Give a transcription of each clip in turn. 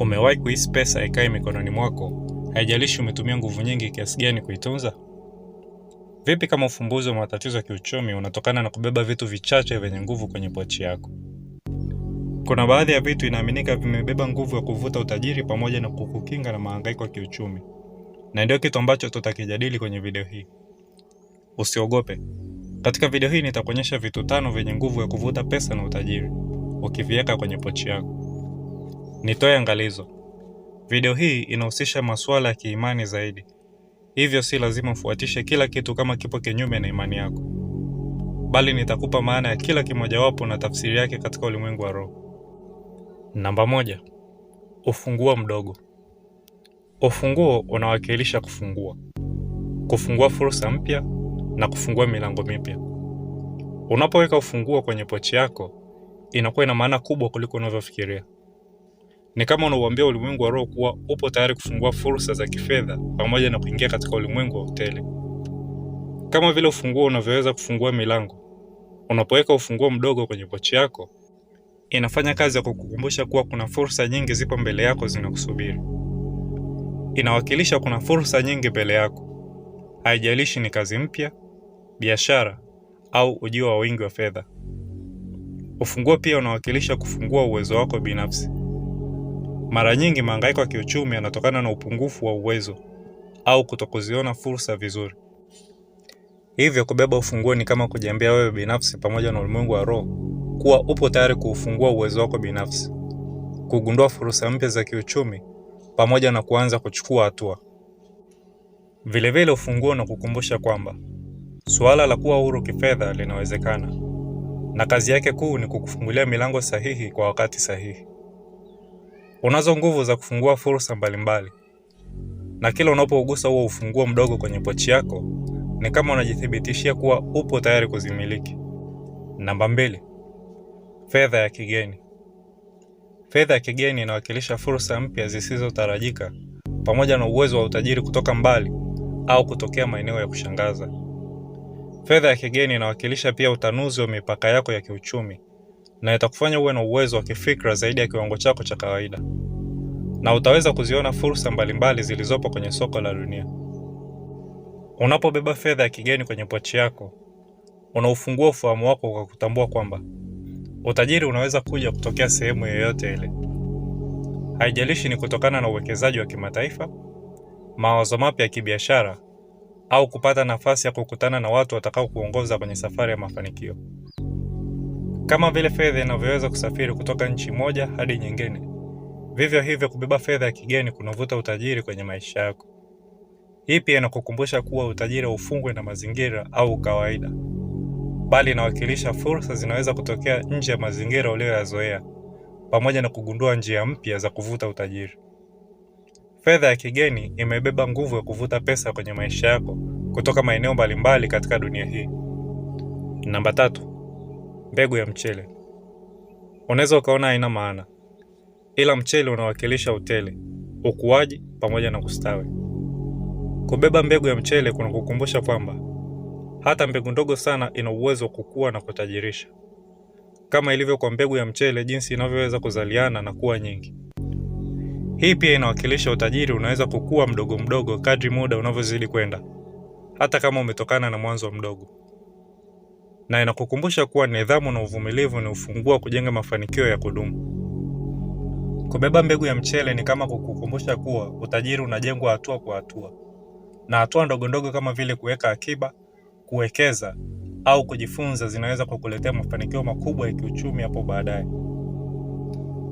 Umewahi kuhisi pesa ikae mikononi mwako, haijalishi umetumia nguvu nyingi kiasi gani kuitunza? Vipi kama ufumbuzi wa matatizo ya kiuchumi unatokana na kubeba vitu vichache vyenye nguvu kwenye pochi yako? Kuna baadhi ya vitu inaaminika vimebeba nguvu ya kuvuta utajiri pamoja na kukukinga na mahangaiko ya kiuchumi, na ndio kitu ambacho tutakijadili kwenye video hii. Usiogope. Katika video hii nitakuonyesha vitu tano vyenye nguvu ya kuvuta pesa na utajiri ukiviweka kwenye pochi yako. Nitoe angalizo: video hii inahusisha masuala ya kiimani zaidi, hivyo si lazima ufuatishe kila kitu kama kipo kinyume na imani yako, bali nitakupa maana ya kila kimojawapo na tafsiri yake katika ulimwengu wa roho. Namba moja: ufunguo mdogo. Ufunguo unawakilisha kufungua, kufungua fursa mpya na kufungua milango mipya. Unapoweka ufunguo kwenye pochi yako, inakuwa ina maana kubwa kuliko unavyofikiria. Ni kama unauambia ulimwengu wa roho kuwa upo tayari kufungua fursa za kifedha pamoja na kuingia katika ulimwengu wa hoteli. Kama vile ufunguo unavyoweza kufungua milango, unapoweka ufunguo mdogo kwenye pochi yako, inafanya kazi ya kukukumbusha kuwa kuna fursa nyingi zipo mbele yako zinakusubiri. Inawakilisha kuna fursa nyingi mbele yako, haijalishi ni kazi mpya, biashara au ujio wa wingi wa fedha. Ufunguo pia unawakilisha kufungua uwezo wako binafsi. Mara nyingi mahangaiko ya kiuchumi yanatokana na upungufu wa uwezo au kutokuziona fursa vizuri. Hivyo kubeba ufunguo ni kama kujiambia wewe binafsi pamoja na ulimwengu wa roho kuwa upo tayari kuufungua uwezo wako binafsi, kugundua fursa mpya za kiuchumi pamoja na kuanza kuchukua hatua. Vilevile, ufunguo na kukumbusha kwamba suala la kuwa huru kifedha linawezekana, na kazi yake kuu ni kukufungulia milango sahihi kwa wakati sahihi. Unazo nguvu za kufungua fursa mbalimbali, na kila unapougusa huo ufunguo mdogo kwenye pochi yako, ni kama unajithibitishia kuwa upo tayari kuzimiliki. Namba mbili, fedha ya kigeni. Fedha ya kigeni inawakilisha fursa mpya zisizotarajika pamoja na uwezo wa utajiri kutoka mbali au kutokea maeneo ya kushangaza. Fedha ya kigeni inawakilisha pia utanuzi wa mipaka yako ya kiuchumi na itakufanya uwe na uwezo wa kifikra zaidi ya kiwango chako cha kawaida, na utaweza kuziona fursa mbalimbali zilizopo kwenye soko la dunia. Unapobeba fedha ya kigeni kwenye pochi yako, unaufungua ufahamu wako kwa kutambua kwamba utajiri unaweza kuja kutokea sehemu yoyote ile. Haijalishi ni kutokana na uwekezaji wa kimataifa, mawazo mapya ya kibiashara, au kupata nafasi ya kukutana na watu watakao kuongoza kwenye safari ya mafanikio. Kama vile fedha inavyoweza kusafiri kutoka nchi moja hadi nyingine, vivyo hivyo kubeba fedha ya kigeni kunavuta utajiri kwenye maisha yako. Hii pia inakukumbusha kuwa utajiri haufungwi na mazingira au kawaida, bali inawakilisha fursa zinaweza kutokea nje ya mazingira uliyoyazoea, pamoja na kugundua njia mpya za kuvuta utajiri. Fedha ya kigeni imebeba nguvu ya kuvuta pesa kwenye maisha yako kutoka maeneo mbalimbali katika dunia hii. Namba tatu mbegu ya mchele. Unaweza ukaona haina maana, ila mchele unawakilisha utele, ukuaji pamoja na kustawi. Kubeba mbegu ya mchele kuna kukumbusha kwamba hata mbegu ndogo sana ina uwezo wa kukua na kutajirisha, kama ilivyo kwa mbegu ya mchele jinsi inavyoweza kuzaliana na kuwa nyingi. Hii pia inawakilisha utajiri, unaweza kukua mdogo mdogo kadri muda unavyozidi kwenda, hata kama umetokana na mwanzo mdogo na inakukumbusha kuwa nidhamu na uvumilivu ni ufunguo wa kujenga mafanikio ya kudumu. Kubeba mbegu ya mchele ni kama kukukumbusha kuwa utajiri unajengwa hatua kwa hatua, na hatua ndogondogo kama vile kuweka akiba, kuwekeza au kujifunza zinaweza kukuletea mafanikio makubwa ya kiuchumi hapo baadaye.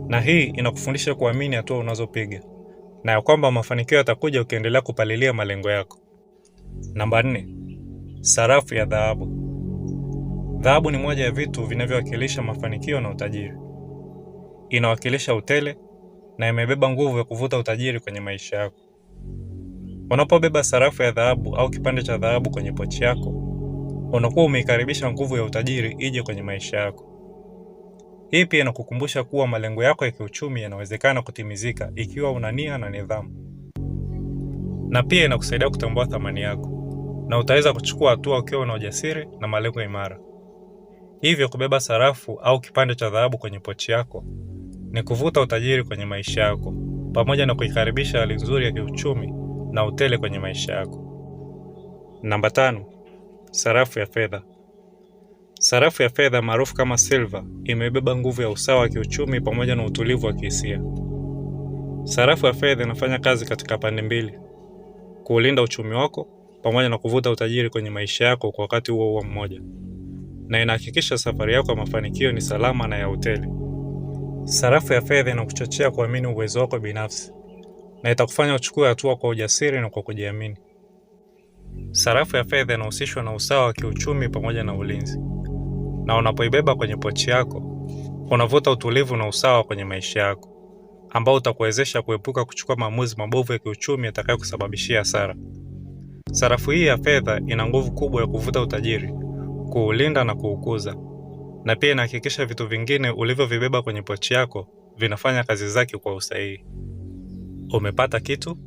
Na hii inakufundisha kuamini hatua unazopiga na ya kwamba mafanikio yatakuja ukiendelea kupalilia malengo yako. Namba nne, sarafu ya dhahabu. Dhahabu ni moja ya vitu vinavyowakilisha mafanikio na utajiri. Inawakilisha utele na imebeba nguvu ya kuvuta utajiri kwenye maisha yako. Unapobeba sarafu ya dhahabu au kipande cha dhahabu kwenye pochi yako, unakuwa umeikaribisha nguvu ya utajiri ije kwenye maisha yako. Hii pia inakukumbusha kuwa malengo yako ya kiuchumi yanawezekana kutimizika ikiwa una nia na nidhamu, na pia inakusaidia kutambua thamani yako, na utaweza kuchukua hatua ukiwa una ujasiri na malengo imara. Hivyo kubeba sarafu au kipande cha dhahabu kwenye pochi yako ni kuvuta utajiri kwenye maisha yako pamoja na kuikaribisha hali nzuri ya kiuchumi na utele kwenye maisha yako. Namba tano, sarafu ya fedha. Sarafu ya fedha maarufu kama silver imebeba nguvu ya usawa wa kiuchumi pamoja na utulivu wa kihisia. Sarafu ya fedha inafanya kazi katika pande mbili: kuulinda uchumi wako pamoja na kuvuta utajiri kwenye maisha yako kwa wakati huo huo mmoja na inahakikisha safari yako ya mafanikio ni salama na ya hoteli. Sarafu ya fedha inakuchochea kuamini uwezo wako binafsi na itakufanya uchukue hatua kwa ujasiri na kwa kujiamini. Sarafu ya fedha inahusishwa na usawa wa kiuchumi pamoja na ulinzi, na unapoibeba kwenye pochi yako unavuta utulivu na usawa kwenye maisha yako, ambao utakuwezesha kuepuka kuchukua maamuzi mabovu ya kiuchumi yatakayokusababishia hasara. Sarafu hii ya fedha ina nguvu kubwa ya kuvuta utajiri kuulinda na kuukuza, na pia inahakikisha vitu vingine ulivyovibeba kwenye pochi yako vinafanya kazi zake kwa usahihi. Umepata kitu?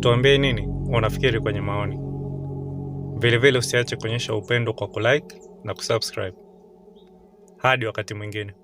Tuambie nini unafikiri kwenye maoni. Vilevile usiache kuonyesha upendo kwa kulike na kusubscribe. Hadi wakati mwingine.